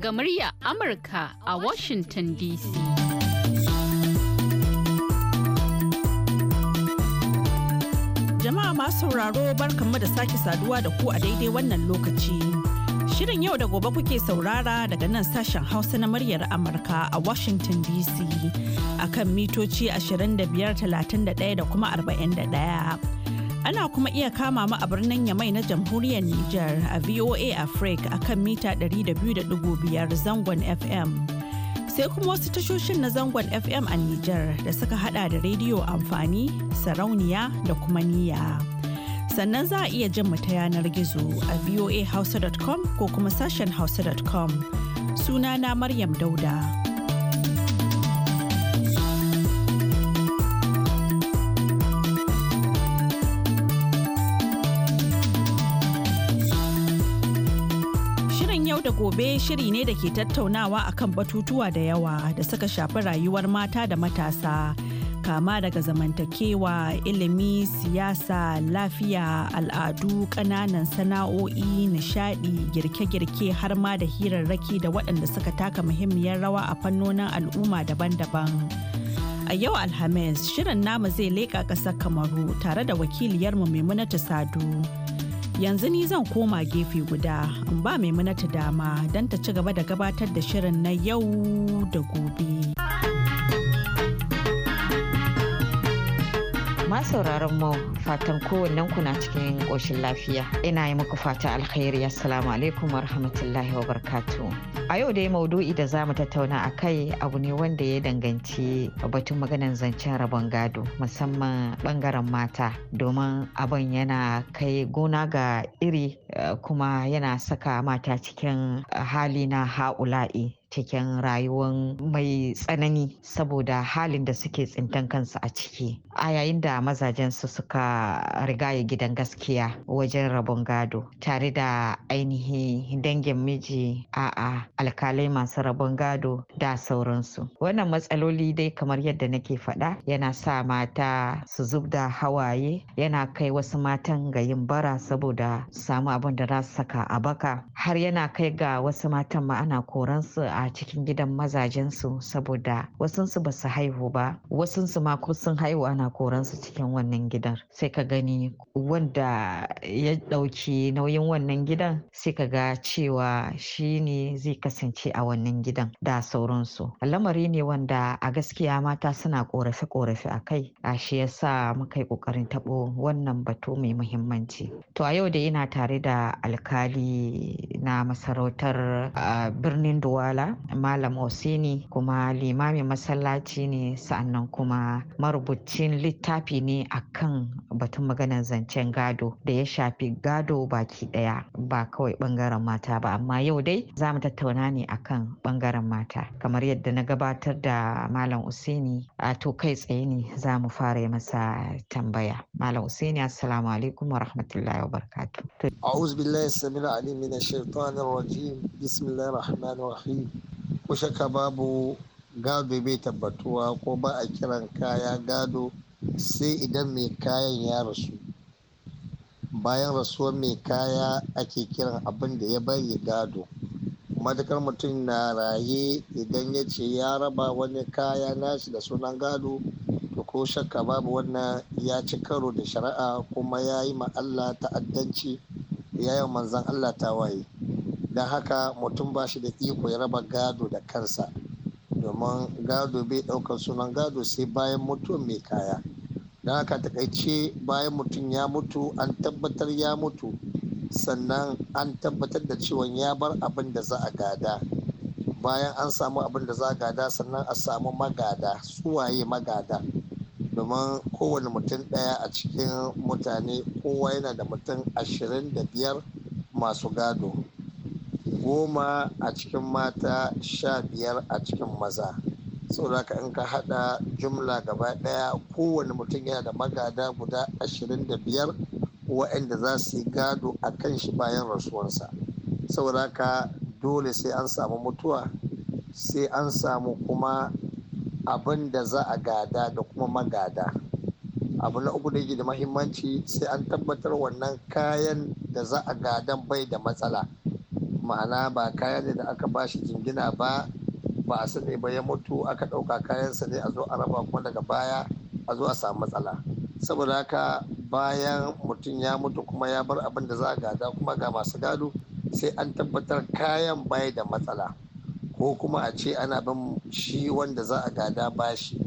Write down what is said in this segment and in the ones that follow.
daga murya Amurka a Washington DC. Jama'a masu sauraro barkanmu da sake saduwa da ku a daidai wannan lokaci. Shirin yau da gobe kuke saurara daga nan sashen Hausa na muryar Amurka a Washington DC akan mitoci 25, 31 da kuma 41. Ana kuma iya kama mu a birnin Yamai na jamhuriyar Nijar a VOA Africa a kan mita 200.5 zangon FM. Sai kuma wasu tashoshin na zangon FM a Nijar da suka hada da rediyo amfani, sarauniya da kuma niyya. Sannan za a iya jin mu ta yanar gizo a voahausa.com ko kuma sashen hausa.com. Sunana Maryam Dauda. gobe shiri ne da ke tattaunawa a kan batutuwa da yawa da suka shafi rayuwar mata da matasa. Kama daga zamantakewa, ilimi, siyasa, lafiya, al'adu, ƙananan sana'o'i, nishadi, girke-girke har ma da hirarraki da waɗanda suka taka muhimmiyar rawa a fannonin al'umma daban-daban. A yau Alhamis, shirin namu zai leƙa ƙasar Kamaru tare da wakiliyarmu Maimunatu Sadu. yanzu ni zan koma gefe guda in ba ta dama don ta ci gaba da gabatar da shirin na yau da gobe. sauraron mu fatan kowannen ku na cikin ƙoshin lafiya ina yi muku fata alkhairi assalamu alaikum wa rahmatullahi wa barkatu. A yau dai maudu'i da za mu tattauna a kai abu ne wanda ya danganci batun maganan zancen rabon gado musamman bangaren mata domin abin yana kai gona ga iri eh, kuma yana saka mata cikin eh, hali na ha'ula'i cikin rayuwar mai tsanani saboda halin da suke tsintan kansu a ciki a yayin da mazajen su suka rigaya gidan gaskiya wajen rabon gado tare da ainihin dangin miji a a alkalai masu rabon gado da sauransu wannan matsaloli dai kamar yadda nake faɗa yana sa mata su zub da hawaye yana kai wasu matan ga yin bara saboda samu abin da za su saka a baka har yana kai ga wasu matan ma ana koransu a a cikin gidan mazajensu saboda wasunsu ba su haihu ba wasunsu ma ko sun haihu ana koransu cikin wannan gidan sai ka gani wanda ya ɗauki nauyin wannan gidan sai ka ga cewa shi ne zai kasance a wannan gidan da sauransu lamari ne wanda a gaskiya mata suna korafe-korafe a kai a shi yasa muka yi ƙoƙarin taɓo wannan batu mai muhimmanci to a yau da yana tare da alkali na masarautar birnin duwala Malam Osini kuma limamin masallaci ne sa'annan kuma marubucin littafi ne a kan batun maganar zancen gado da ya shafi gado baki daya ba kawai bangaren mata ba amma yau dai za mu tattauna ne akan bangaren mata kamar yadda na gabatar da Malam Usini a to kai tsaye ne za mu fara masa tambaya Malam Usini assalamu alaikum wa rahmatullahi wa barakatuh. a'udhu billahi السميع العليم من الشيطان الرجيم بسم الله ko shakka babu gado bai tabbatuwa ko ba a kiran kaya gado sai idan mai kayan ya rasu bayan rasuwar mai kaya ake kiran abin da ya bari gado matakar mutum na raye idan ya ce ya raba wani kaya nashi da sunan gado to ko shakka babu wannan ya ci karo da shari'a kuma ya yi ma ta'addanci ya yi manzan Allah ta waye don haka mutum ba shi da iko ya raba gado da kansa domin gado bai ɗaukar sunan gado sai bayan mutuwan mai kaya don haka takaice bayan mutum ya mutu an tabbatar ya mutu sannan an tabbatar da cewa ya bar abin da za a gada bayan an samu abin da za a gada sannan a samu magada suwaye magada domin kowane mutum ɗaya a cikin mutane kowa yana da mutum ashirin da biyar masu gado goma a cikin mata sha biyar a cikin maza saboda in ka hada jumla gaba daya kowane mutum yana da magada guda ashirin da biyar wa'inda za su yi gado a kan shi bayan rasuwarsa saboda ka dole sai an samu mutuwa sai an samu kuma abin da za a gada da kuma magada abu na uku da yake da mahimmanci sai an tabbatar wannan kayan da za a gadan bai da matsala ma'ana ba kaya ne da aka ba shi jingina ba ba a sani ba ya mutu aka ɗauka kayansa ne a zo a raba kuma daga baya a zo a samu matsala saboda haka bayan mutum ya mutu kuma ya bar abin da za a gada kuma ga masu gado sai an tabbatar kayan baya da matsala ko kuma a ce ana bin shi wanda za a gada ba shi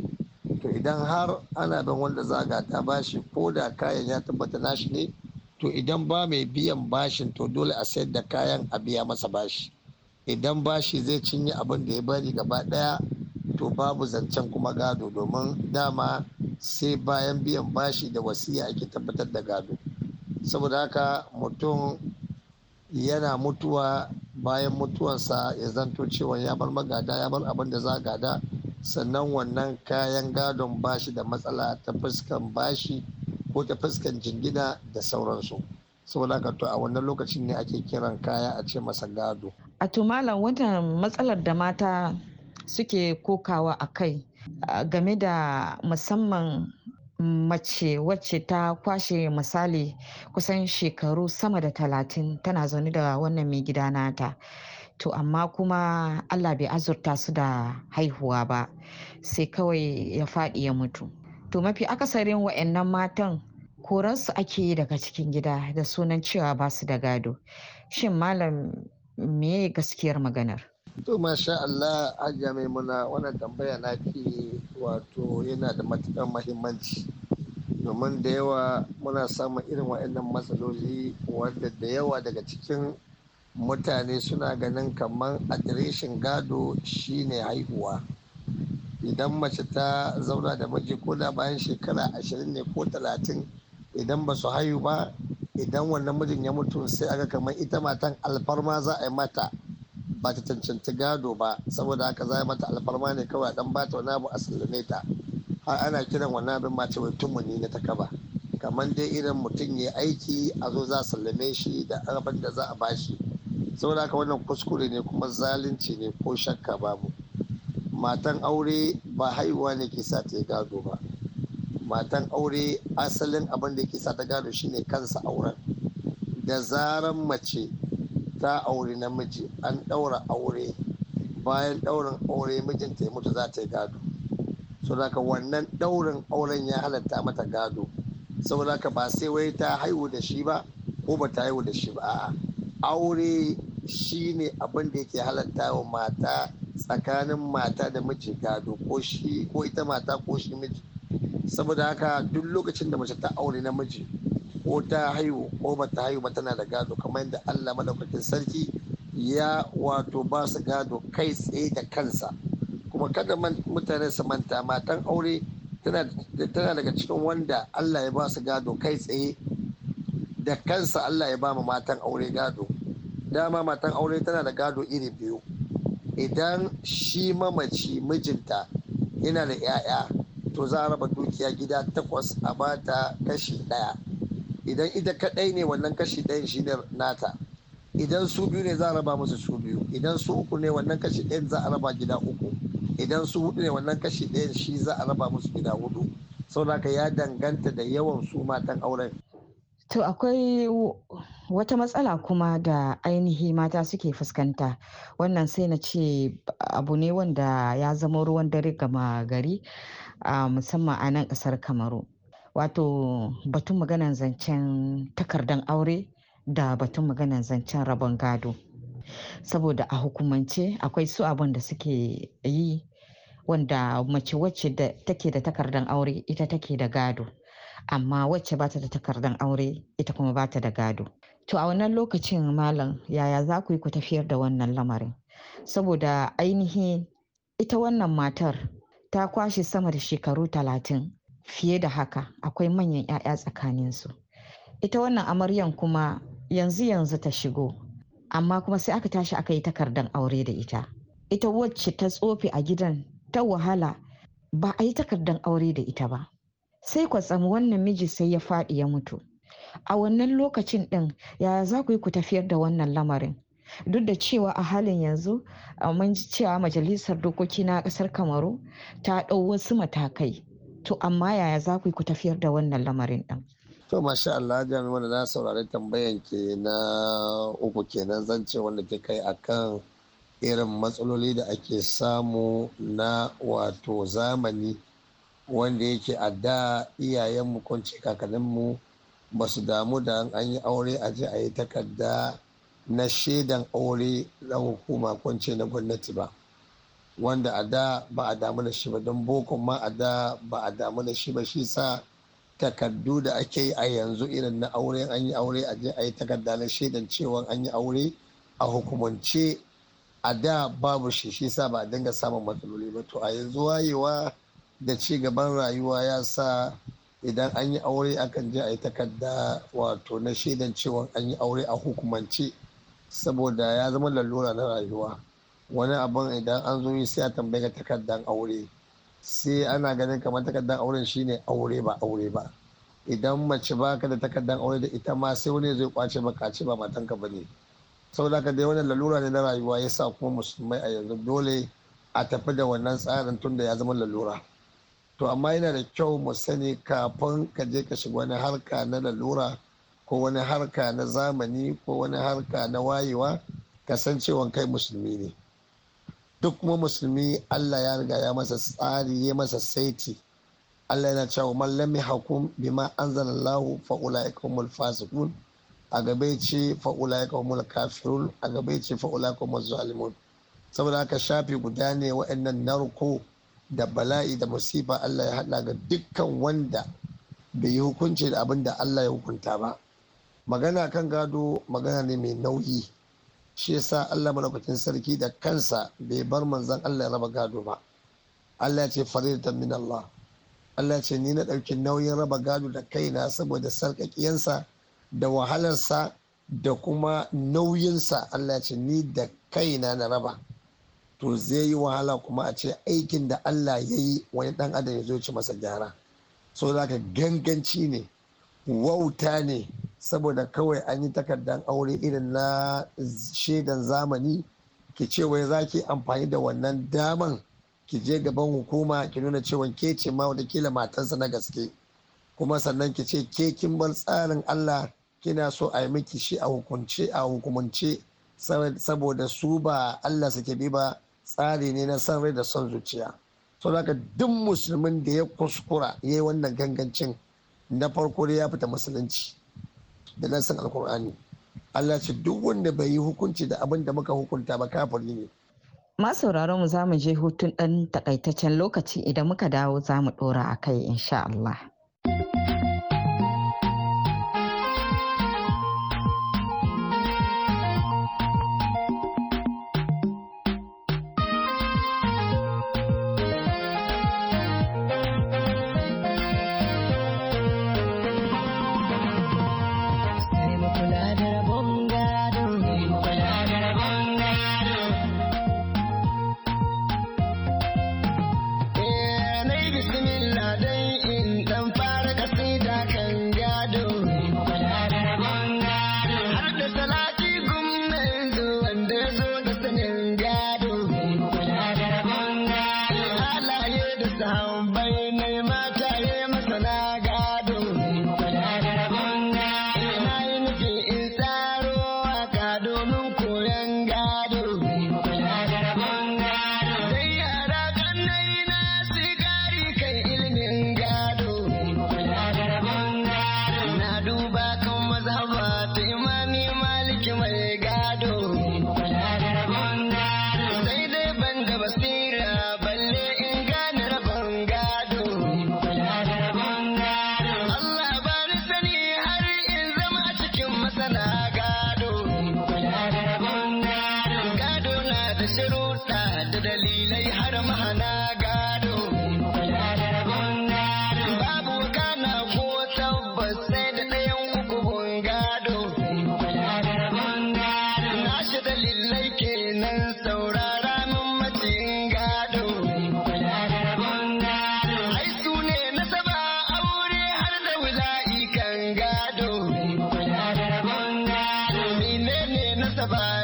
to idan har ana bin wanda za a gada ba shi ko da kayan ya tabbata nashi ne to idan ba mai biyan bashin to dole a sayar da kayan a biya masa bashi idan bashi zai cinye abin da ya bari gaba daya to babu zancen kuma gado domin dama sai bayan biyan bashi da wasiya ake tabbatar da gado saboda haka mutum yana mutuwa bayan mutuwansa ya zanto cewa ya bar magada ya bar abin da za gada sannan wannan kayan gadon bashi da matsala ta fuskan bashi ko ta fuskan jingina da sauransu saboda haka to a wannan lokacin ne ake kiran kaya a ce masa gado a tumalan wata matsalar da mata suke kokawa a kai game da musamman mace wacce ta kwashe misali kusan shekaru sama da talatin tana zaune da wannan mai gida nata to amma kuma allah bai azurta su da haihuwa ba sai kawai ya faɗi ya mutu to mafi akasarin wa'annan matan koransu ake yi daga cikin gida da sunan cewa ba su da gado shin malam me gaskiyar maganar to masha Allah hajiya mai muna wannan tambaya na ke wato yana da matuƙar mahimmanci domin da yawa muna samun irin wa'annan matsaloli wadda da yawa daga cikin mutane suna ganin kamar adireshin gado shine haihuwa idan mace ta zauna da miji ko da bayan shekara ashirin ne ko talatin idan ba su haihu ba idan wannan mijin ya mutu sai aga kamar ita matan alfarma za a yi mata ba ta cancanci gado ba saboda haka za a yi mata alfarma ne kawai dan ba ta wani abu a sallame ta har ana kiran wannan abin mace wai tumuni na ta kaba kamar dai irin mutum ya aiki a zo za a sallame shi da abin da za a bashi saboda haka wannan kuskure ne kuma zalunci ne ko shakka babu matan aure ba haihuwa ne ke sa ta gado ba matan aure asalin abin da ke sa ta gado shine kansa auren da zaran mace ta aure namiji an ɗaura aure bayan ɗaurin aure mijinta ya mutu za ta yi gado saboda ka wannan ɗaurin auren ya halatta mata gado saboda ka ba sai wai ta haihu da shi ba ko ba ta haihu da shi ba a'a aure shine abin da yake halatta wa mata tsakanin mata da miji gado ko shi ko ita mata ko shi miji saboda haka duk lokacin da mace ta aure namiji ko ta haihu ko ba ta haihu ba tana da gado kamar yadda Allah madaukakin sarki ya wato ba su gado kai tsaye da kansa kuma kada mutane su manta matan aure tana daga cikin wanda Allah ya ba su gado kai tsaye da kansa Allah ya ba matan aure gado dama matan aure tana da gado iri biyu idan shi mamaci mijinta yana da 'ya'ya to za a raba dukiya gida takwas a bata kashi daya idan ita kadai ne wannan kashi ɗayan shi ne nata idan su biyu ne za a raba musu su biyu idan su uku ne wannan kashi ɗayan za a raba gida uku idan su hudu ne wannan kashi ɗayan shi za a raba musu gida hudu saboda ya danganta da yawan su matan auren to akwai wata matsala kuma da ainihi mata suke fuskanta wannan sai na ce abu ne wanda ya zama ruwan dare gama gari a musamman a nan kasar kamaru wato batun maganan zancen takardar aure da batun maganan zancen rabon gado saboda a hukumance akwai su abin da suke yi wanda mace wacce take da takardar aure ita take da gado amma wacce bata da takardar aure ita kuma bata da gado to a wannan lokacin malam yaya za ku yi ku tafiyar da wannan lamarin saboda ainihin ita wannan matar ta kwashe sama da shekaru talatin fiye da haka akwai manyan 'ya'ya tsakaninsu ita wannan amaryan kuma yanzu yanzu ta shigo amma kuma sai aka tashi aka yi takardan aure da ita ita wacce ta tsofe a gidan ta wahala ba a yi takardan aure da ita ba sai kwatsam wannan miji sai ya faɗi ya mutu a wannan lokacin ɗin yaya za ku yi ku tafiyar da wannan lamarin duk da cewa a halin yanzu mun ji cewa majalisar dokoki na ƙasar kamaru ta ɗau wasu matakai to amma yaya za ku yi ku tafiyar da wannan lamarin ɗin to masha Allah jami'a wanda na saurari tambayan ke na uku kenan zan ce wanda ke kai akan irin matsaloli da ake samu na wato zamani wanda yake a da iyayenmu kwanci kakanninmu ba su damu da an yi aure a je a yi takarda na shaidan aure na hukuma kwance na gwamnati ba wanda a da ba a damu da shi ba don boko ma a da ba a damu da shi ba shi sa takardu da ake yi a yanzu irin na aure an yi aure a je a yi takarda na shaidan cewa an yi aure a hukumance a da babu shi shi sa ba a dinga samun matsaloli ba to a yanzu wayewa da ci gaban rayuwa ya sa idan an yi aure akan je a yi takarda wato na shaidan cewa an yi aure a hukumance saboda ya zama lalura na rayuwa wani abin idan an zo yi sai a tambaye ka takardan aure sai ana ganin kamar takardan auren shine aure ba aure ba idan mace ba ka da takardan aure da ita ma sai wani zai kwace maka ce ba matanka ba ne da ka dai wannan lalura ne na rayuwa ya sa kuma musulmai a yanzu dole a tafi da wannan tsarin tunda ya zama lalura. to amma yana da kyau mu sani kafin ka je ka shiga wani harka na lalura ko wani harka na zamani ko wani harka na wayewa ka san cewa kai musulmi ne duk kuma musulmi Allah ya riga ya masa tsari ya masa saiti Allah yana cewa mallami hakum yahkum bima anzalallahu fa ulaika humul fasiqun a gabe ce fa ulaika humul kafirun a gabe ce fa ulaika zalimun saboda haka shafi guda ne waɗannan narko da bala'i da musifa Allah ya haɗa ga dukkan wanda bai yi hukunci da abin da Allah ya hukunta ba magana kan gado magana ne mai nauyi shi yasa Allah malaukakin sarki da kansa bai bar manzon Allah ya raba gado ba Allah ya ce faridatan min Allah Allah ce ni na ɗauki nauyin raba gado da kaina saboda sarƙaƙiyansa da wahalarsa da kuma nauyinsa Allah ya ce ni da kaina na raba to zai yi wahala kuma a ce aikin da Allah ya yi wani dan adam ya zo ci masa gyara so za ka ganganci ne wauta ne saboda kawai an yi takardar aure irin na shaidan zamani ki ce wai za ki amfani da wannan daman ki je gaban hukuma ki nuna cewa ke ce ma kila matansa na gaske kuma sannan ki ce ke kin bar tsarin Allah kina so a yi miki shi a a hukumance saboda su ba Allah suke bi ba tsari ne na san rai da son zuciya to haka duk musulmin da ya kuskura ya yi wannan gangancin na farko da ya fita musulunci da nan san alkur'ani Allah ce duk wanda bai yi hukunci da abin da muka hukunta ba kafiri ne sauraron mu zamu je hutun dan takaitaccen lokaci idan muka dawo zamu dora akai insha Allah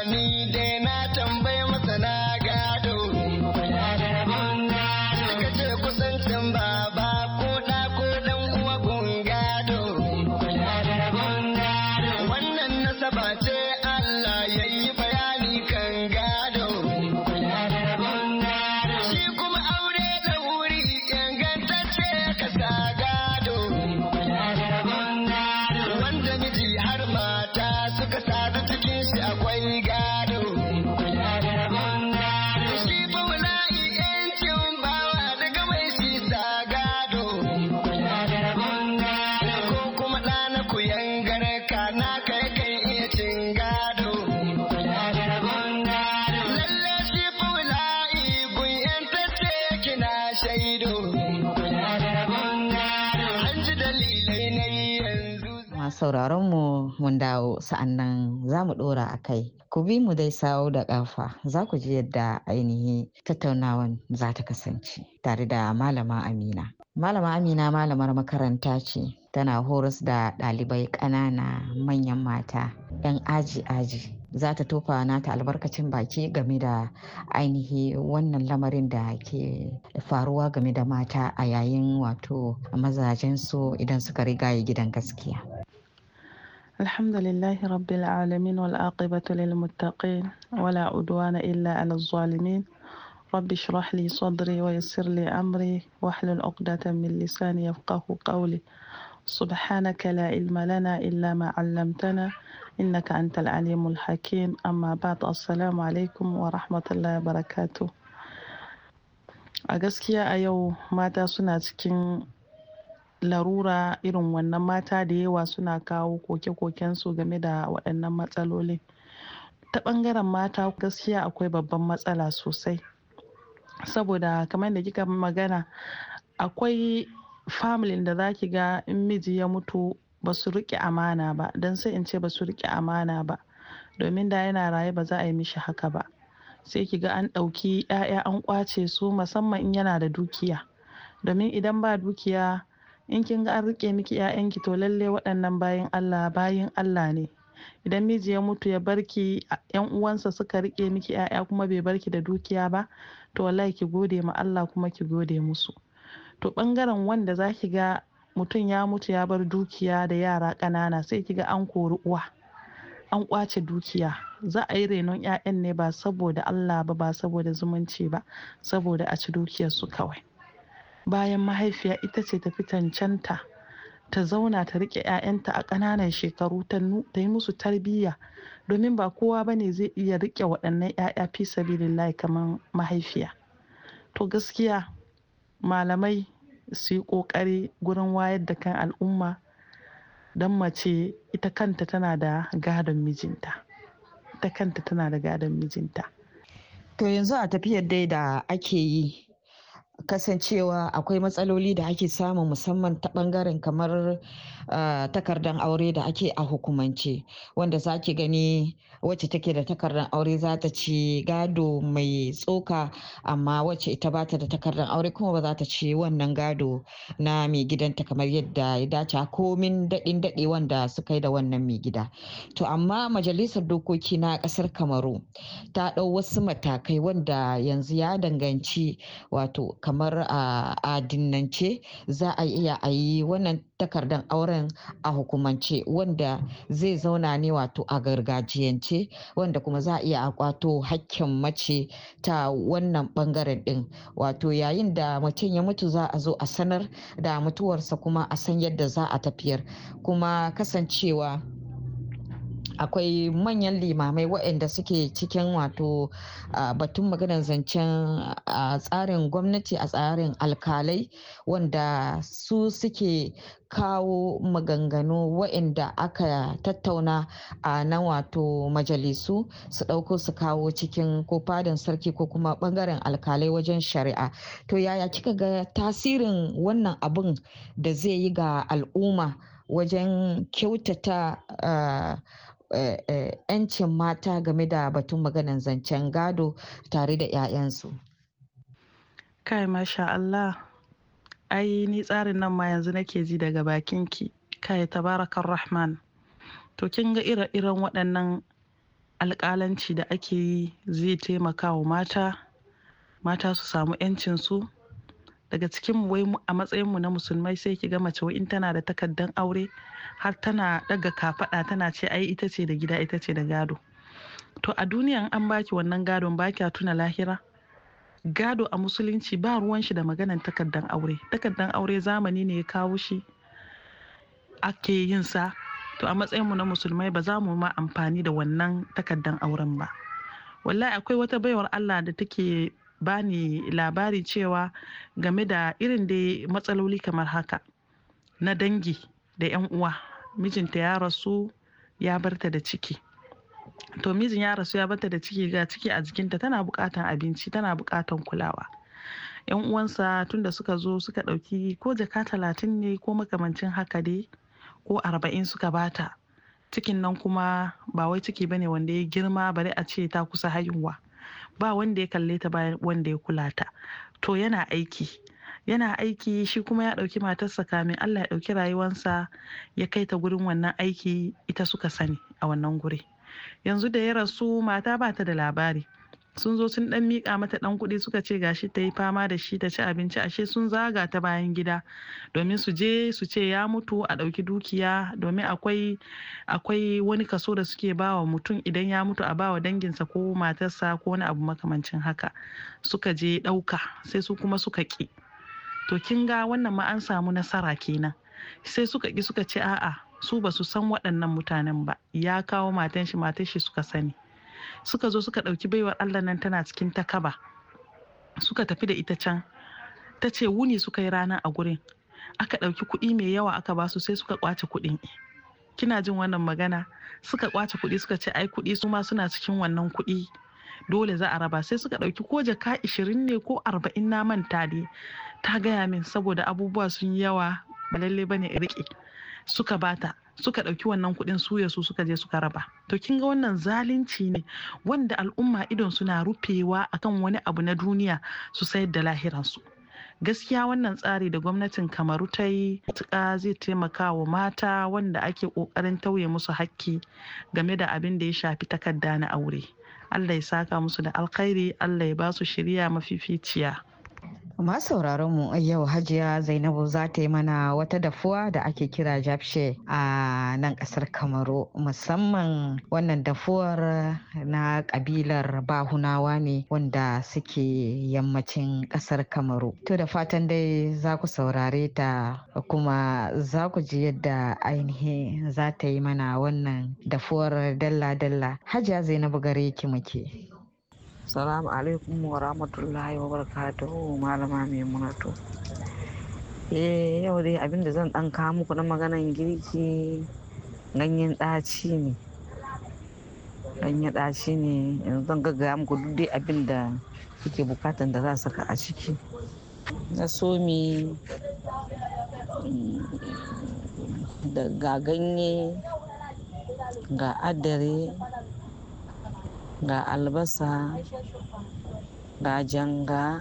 need dena ta sauraronmu mu mun dawo sa'annan za mu ɗora a kai. Ku bi mu dai sawo da ƙafa za ku ji yadda ainihin tattaunawan za ta kasance tare da Malama Amina. Malama Amina malamar makaranta ce tana horas da ɗalibai ƙanana manyan mata 'yan aji-aji. za ta tofa nata albarkacin baki game da ainihi wannan lamarin da ke faruwa game da mata a yayin wato mazajen su idan suka rigaye gidan gaskiya. الحمد لله رب العالمين والآقبة للمتقين ولا عدوان إلا على الظالمين رب اشرح لي صدري ويسر لي أمري واحلل عقدة من لساني يفقه قولي سبحانك لا علم لنا إلا ما علمتنا إنك أنت العليم الحكيم أما بعد السلام عليكم ورحمة الله وبركاته أجسكي أيو a yau mata larura irin wannan mata da yawa suna kawo koke koken su game da waɗannan matsalolin ta ɓangaren mata gaskiya akwai babban matsala sosai saboda kamar da kika magana akwai familin da za ki ga in miji ya mutu ba su riƙe amana ba don sai in ce ba su riƙe amana ba domin da yana raye ba za a yi mishi haka ba sai ki ga an ɗauki 'ya'ya an ƙwace su musamman in yana da dukiya domin idan ba dukiya in kin ga an rike miki ki to lalle waɗannan bayan Allah bayin Allah ne idan miji ya mutu ya barki yan uwansa suka rike miki 'ya'ya kuma bai barki da dukiya ba to wallahi ki gode ma Allah kuma ki gode musu to bangaren wanda zaki ga mutum ya mutu ya bar dukiya da yara ƙanana sai ki ga an kori uwa an kwace dukiya za a yi renon 'ya'yan ne ba saboda Allah ba ba saboda zumunci ba saboda a ci su kawai bayan mahaifiya ita ce tafi cancanta ta zauna ta rike 'ya'yanta a ƙananan shekaru ta yi musu tarbiyya domin ba kowa ba ne zai iya rike waɗannan 'ya'ya fi sabilillahi kamar mahaifiya to gaskiya malamai su yi ƙoƙari gurin wayar da kan al'umma don mace ita kanta tana da gadon mijinta ita kanta tana da gadon mijinta to yanzu a tafiyar dai da ake yi kasancewa akwai matsaloli da ake samu musamman ta bangaren kamar takardar aure da ake a hukumance wanda za ki gani wacce take da takardar aure za ta ci gado mai tsoka amma wacce ita bata da takardar aure kuma ba za ta ci wannan gado na mai gidanta kamar yadda ya dace komin daɗin daɗe wanda suka yi da wannan mai gida to amma majalisar dokoki na ƙasar kamaru ta ɗau wasu matakai wanda yanzu ya danganci wato kamar a adinnance za a iya a yi wannan takardar auren a hukumance wanda zai zauna ne wato a gargajiyance wanda kuma za a iya a kwato hakkin mace ta wannan bangaren din wato yayin da mutum ya mutu za a zo a sanar da mutuwarsa kuma a san yadda za a tafiyar kuma kasancewa akwai manyan limamai waɗanda suke cikin wato batun maganar zancen tsarin gwamnati a tsarin alkalai wanda su suke kawo maganganu waɗanda aka tattauna a na wato majalisu su ɗauko su kawo cikin ko fadin sarki ko kuma ɓangaren alkalai wajen shari'a to yaya kika ga tasirin wannan abin da zai yi ga al'umma wajen kyautata Eh, eh, 'yancin mata game da batun maganan zancen gado tare da 'ya'yansu. kai masha Allah ai ni tsarin nan ma yanzu nake ji daga bakinki kai tabarakar rahman to kin ga ire-iren waɗannan alƙalanci da ake yi zai taimaka wa mata mata su samu 'yancinsu daga cikin wai a matsayinmu na musulmai sai ki ga mace wai in tana da takaddan aure har tana daga kafada tana ce ai ita ce da gida ita ce da gado to a duniyan an baki wannan gadon ba kya tuna lahira gado a musulunci ba ruwan shi da maganan takardan aure takardan aure zamani ne ya kawo shi ake yin sa to a matsayinmu na musulmai ba za mu ma amfani da wannan takardan auren ba wallahi akwai wata baiwar Allah da take bani labari cewa game da irin da matsaloli kamar haka na dangi da 'yan uwa mijinta ya rasu ya barta da ciki to mijin ya rasu ya barta da ciki ga ciki a jikinta tana bukatan abinci tana bukatan kulawa yan uwansa tunda suka zo suka dauki ko jaka talatin ne ko makamancin haka dai ko arba'in suka bata cikin nan kuma ba wai ciki bane wanda ya girma bari a ce ta kusa haihuwa ba wanda ya kalle ta ba wanda ya kula ta to yana aiki yana aiki shi kuma ya ɗauki matarsa kamin Allah ya ɗauki rayuwansa ya kai ta gurin wannan aiki ita suka sani a wannan guri yanzu da ya rasu mata ba ta da labari sun zo sun dan mika mata dan kuɗi suka ce gashi ta yi fama da shi ta ci abinci ashe sun zaga ta bayan gida domin su je su ce ya mutu a ɗauki dukiya domin akwai akwai wani kaso da suke bawa mutum idan ya mutu a bawa danginsa ko matarsa ko wani abu makamancin haka suka je ɗauka sai su kuma suka ƙi to kin ga wannan ma an samu nasara kenan sai suka ƙi suka ce a'a su ba su san waɗannan mutanen ba ya kawo matan shi matan shi suka sani suka zo suka ɗauki baiwar allah nan tana cikin takaba suka tafi da ita can ta ce wuni suka yi rana a gurin aka ɗauki kuɗi mai yawa aka basu sai suka kwace kuɗin kina jin wannan magana suka kwace kuɗi suka ce ai kuɗi su ma suna cikin wannan kuɗi dole za a raba sai suka ɗauki ko jaka ishirin ne ko arba'in na manta ne ta gaya min saboda abubuwa sun yawa ba lallai bane riƙe suka bata suka ɗauki wannan kuɗin suya su suka je suka raba to kin ga wannan zalunci ne wanda al'umma idon suna rufewa akan wani abu na duniya su sayar da lahiransu gaskiya wannan tsari da gwamnatin kamaru ta yi zai taimaka wa mata wanda ake ƙoƙarin tauye musu hakki game da abin da ya shafi takarda na aure allah ya saka musu da alkhairi allah ya ba su shirya mafificiya Ma sauraron mu yau Hajiya Zainabu za ta yi mana wata dafuwa da ake kira jafshe a nan ƙasar Kamaru musamman wannan dafuwar na ƙabilar Bahunawa ne wanda suke yammacin ƙasar Kamaru. To da fatan dai za ku saurare ta kuma za ku ji yadda ainihin za ta yi mana wannan dafuwar dalla-dalla. Hajiya Zainabu gare ki muke. Salamu alaikum wa rahmatullahi wa barakatuhu malama Maimunatu. Eh yau dai abin da zan dan kawo muku na maganan girki ganyen ɗaci ne. Ganyen ɗaci ne yanzu zan gaggaya muku duk dai abin da kuke bukatan da za saka a ciki. Na somi mm, da ga ganye ga adare ga albasa ga janga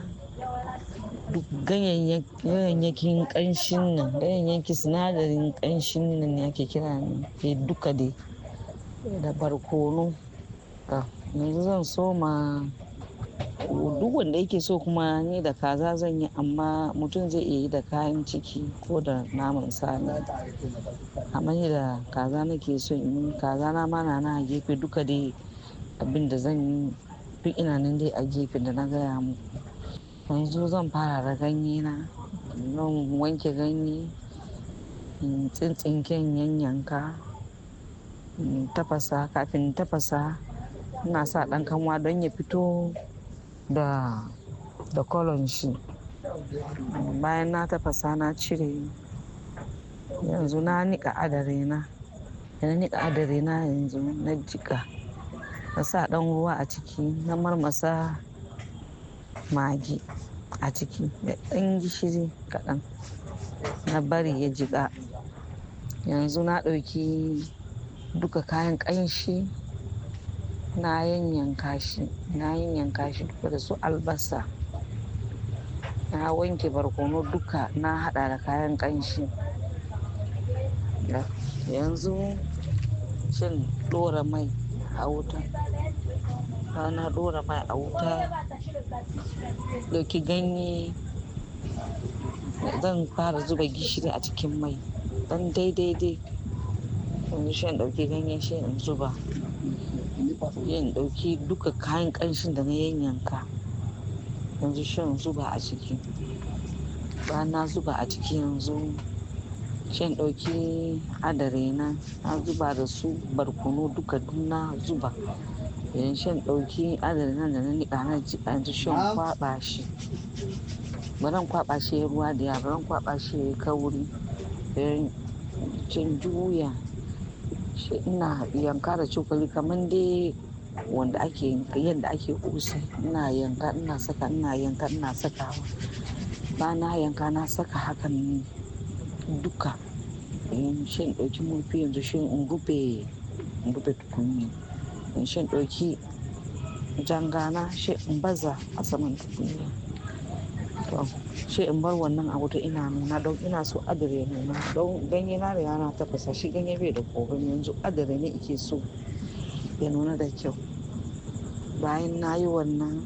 duk ganyayyakin kanshin nan ganyayyakin sinadarin kanshin nan ne ake kira ne eh, duka dai da barkono yanzu zan soma duk wanda yake so kuma ni da kaza zan yi amma mutum zai iya yi da kayan ciki ko da naman sami amma ni da kaza nake so in kaza na ma na gefe duka dai abin da zan yi duk ina nan dai a gefe da na gaya mu yanzu zan fara da ganye na zan wanke ganye in tsintsinken yanyanka tafasa kafin tafasa ina sa ɗan kanwa don ya fito da da kolon shi bayan na tafasa na cire yanzu na niƙa adare niƙa adare na yanzu na jika na sa ɗan ruwa a ciki na marmasa magi a ciki da ɗan gishiri kaɗan na bari ya jiƙa yanzu na ɗauki duka kayan ƙanshi na yanyan shi na shi duka da su albasa na wanke barkono duka na haɗa da kayan ƙanshi yanzu shin dora mai a wutan rana dora mai a wuta dauki ganye zan fara zuba gishiri a cikin mai dan daidai dai wani shi dauki ganye shi in zuba yin dauki duka kayan kanshin da na yanyanka yanzu shi in zuba a ciki bayan na zuba a ciki yanzu shan dauki adare na na zuba da su barkono duka na zuba idan shan ɗauki adadin da na niƙa na ji shan kwaɓa shi baran kwaɓa shi ya ruwa da yawa baran kwaɓa shi ya kauri bayan can juya shi ina yanka da cokali kamar dai wanda ake yadda ake ƙusa ina yanka ina saka ina yanka ina sakawa ba na yanka na saka hakan duka in shan ɗauki murfi yanzu shi in rufe in rufe tukunni in shin ɗauki jangana shi in baza a saman tukunya to shi in bar wannan a wuta ina nuna don ina so adire nuna don ganye na da yana tafasa shi ganye bai da kogon yanzu adire ne ike so ya nuna da kyau bayan na yi wannan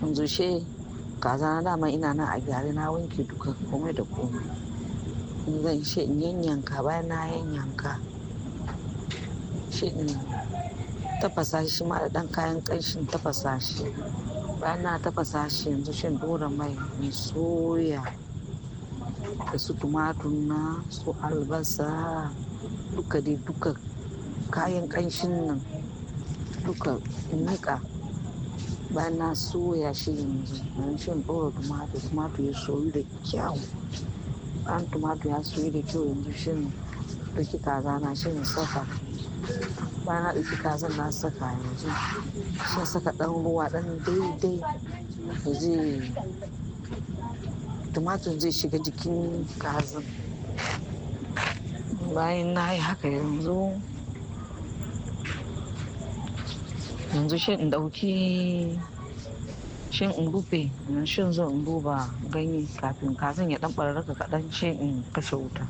yanzu shi kaza na dama ina na a gyare na wanke duka komai da komai in zan shi in yanyanka bayan na yanyanka shi in tafasa shi ma da ɗan kayan ƙanshin tafasa shi bayan na tafasa shi yanzu shan dora mai mai soya da su tumatur na su albasa duka dai duka kayan ƙanshin nan duka nika bayan na soya shi yanzu yanzu shan dora tumatur tumatur ya soyu da kyau bayan tumatur ya soyu da kyau yanzu shin ɗauki kaza na shin safa bayan na ɗauki kazan na saka yanzu ya saka ɗan ruwa ɗan daidai da zai tumatir zai shiga jikin kazan bayan na yi haka yanzu yanzu shi in ɗauki shin in rufe shin zo in duba ganye kafin kazan ya dan bararraka kaɗan shi in kashe wuta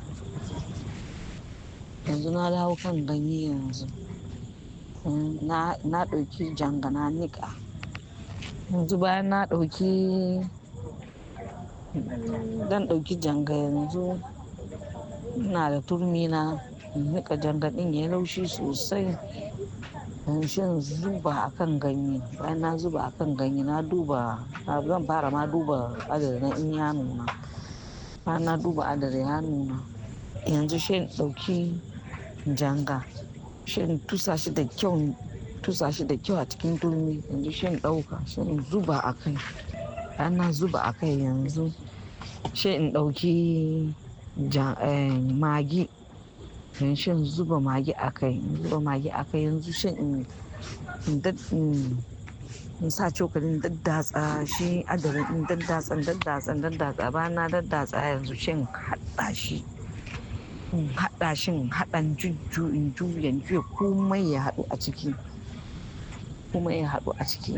yanzu na dawo kan ganye yanzu na ɗauki jangana nika yanzu bayan na ɗauki dan ɗauki janga yanzu ina da turmina nika janga ɗin ya laushi sosai shin zuba a kan ganye bayan na zuba a kan ganye na duba zan fara ma duba adadin in ya nuna bayan na duba adadin ya nuna yanzu shi ɗauki janga shan tusa shi da kyau tusa shi da kyau a cikin turmi yanzu shan ɗauka shan zuba a kai ana zuba a kai yanzu shi in ɗauki eh, magi in shan zuba magi a kai zuba magi a kai yanzu shan in in sa cokalin daddatsa shi adarin daddatsa daddatsa daddatsa ba na daddatsa yanzu shan haɗa shi in haɗa shin haɗan jujjuyin juyan komai ya haɗu a ciki kuma ya haɗu a ciki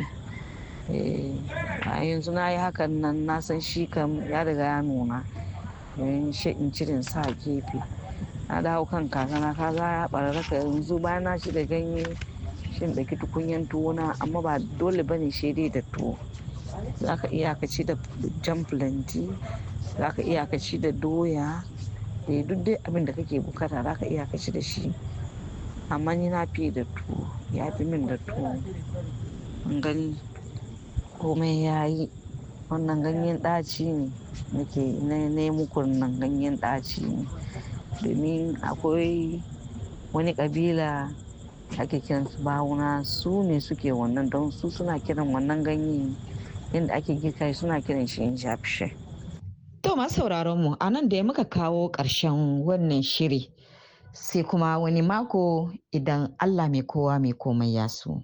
eh, a yanzu na yi hakan nan na san shi kam ya daga ya nuna in cirin sa gefe na dawo kan kakana ka za ya bararraka yanzu bayan na shi da ganye shin ɗauki tukunyan tuwo na amma ba dole bane shi dai da tuwo za ka iyakaci da jan za ka iyakaci da doya eh duk dai abin da kake bukata za ka iya kashi da shi amma ni na fi da tuwo ya fi min da tuwo gani komai ya yi wannan ganyen ɗaci ne nake na muku nan ganyen ɗaci ne domin akwai wani ƙabila ake kiran su bawuna su ne suke wannan don su suna kiran wannan ganye yadda ake girka suna kiran shi in shafi To masu sauraron mu a nan da ya muka kawo ƙarshen wannan shiri sai kuma wani mako idan Allah mai kowa mai komai ya so.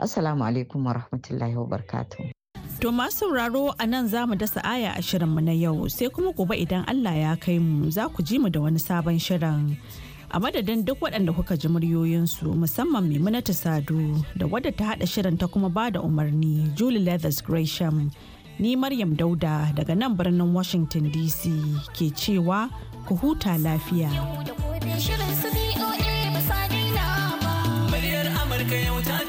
Assalamu alaikum wa rahmatullahi wa barkatu. To masu sauraro a nan za mu dasa aya a shirin mu na yau sai kuma gobe idan Allah ya kai mu za ku ji mu da wani sabon shirin. A madadin duk waɗanda kuka ji muryoyinsu musamman Maimunatu Sadu da wadda ta haɗa shirin ta kuma ba da umarni Julie Leathers Gresham. ni Maryam Dauda daga nan birnin Washington DC ke cewa ku huta lafiya.